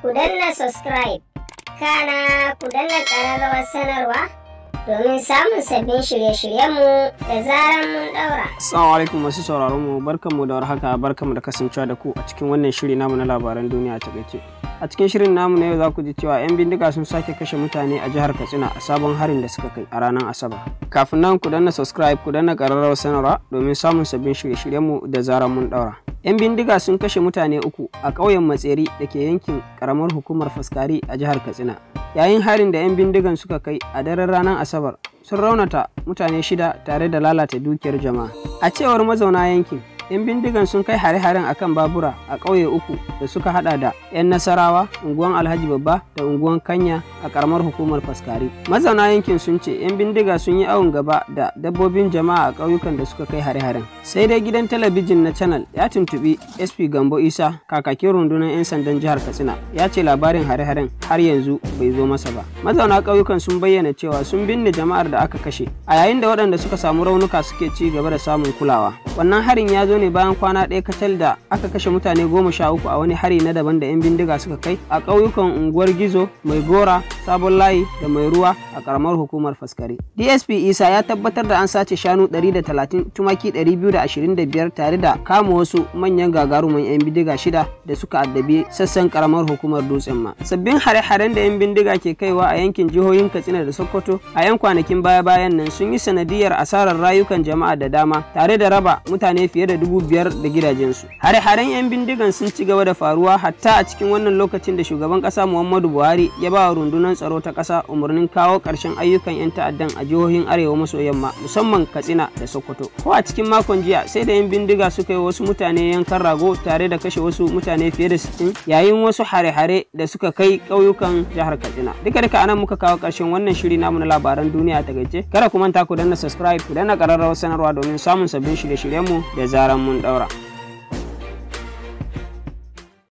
ku danna subscribe kana ku danna ƙararrawar sanarwa domin samun sabbin shirye-shiryenmu da zarar mun daura. Assalamu alaikum masu sauraron mu barkanmu da warhaka barkanmu da kasancewa da ku a cikin wannan shiri namu na labaran duniya ta gace. A cikin shirin namu na yau za ku ji cewa 'yan bindiga sun sake kashe mutane a jihar Katsina a sabon harin da suka kai a ranar Asabar. Kafin nan ku danna subscribe ku danna ƙararrawar sanarwa domin samun sabbin shirye-shiryenmu da zarar mun daura. 'Yan bindiga sun kashe mutane uku a ƙauyen Matseri da ke yankin ƙaramar hukumar Faskari a jihar Katsina. yayin harin da 'yan bindigan suka kai a daren ranar asabar sun raunata mutane shida tare da lalata dukiyar jama'a a cewar mazauna yankin 'yan bindigan sun kai hare-haren a kan babura a ƙauye uku da suka hada da 'yan nasarawa unguwan alhaji babba da unguwan kanya a karamar hukumar faskari mazauna yankin sun ce 'yan bindiga sun yi awon gaba da dabbobin jama'a a ƙauyukan da suka kai hare-haren sai dai gidan talabijin na channel ya tuntubi sp gambo isa kakakin rundunar 'yan sandan jihar katsina ya ce labarin hare-haren har yanzu bai zo masa ba mazauna ƙauyukan sun bayyana cewa sun binne jama'ar da aka kashe a yayin da waɗanda suka samu raunuka suke ci gaba da samun kulawa wannan harin ya zo ne bayan kwana ɗaya kacal da aka kashe mutane goma sha uku a wani hari na daban da 'yan bindiga suka kai a ƙauyukan unguwar gizo mai gora sabon layi da mai ruwa a ƙaramar hukumar faskare dsp isa ya tabbatar da an sace shanu ɗari da talatin tumaki ɗari biyu da da ashirin biyar tare da kama wasu manyan gagaruman 'yan bindiga shida da suka addabi sassan ƙaramar hukumar dutsen ma sabbin hare-haren da 'yan bindiga ke kaiwa a yankin jihohin katsina da sokoto a 'yan kwanakin baya-bayan nan sun yi sanadiyar asarar rayukan jama'a da dama tare da raba mutane fiye da dubu biyar da gidajensu. Hare-haren 'yan bindigan sun ci gaba da faruwa hatta a cikin wannan lokacin da shugaban ƙasa Muhammadu Buhari ya ba wa rundunar tsaro ta ƙasa umarnin kawo ƙarshen ayyukan 'yan ta'addan a jihohin arewa maso yamma musamman Katsina da Sokoto. Ko a cikin makon jiya sai da 'yan bindiga suka yi wasu mutane yankan rago tare da kashe wasu mutane fiye da 60 yayin wasu hare-hare da suka kai ƙauyukan jihar Katsina. Duka-duka anan muka kawo ƙarshen wannan shiri namu na labaran duniya a takaice. Kada ku manta ku danna subscribe ku danna ƙararrawar sanarwa domin samun sabbin shirye-shirye. lemu da zaran mun ɗaura.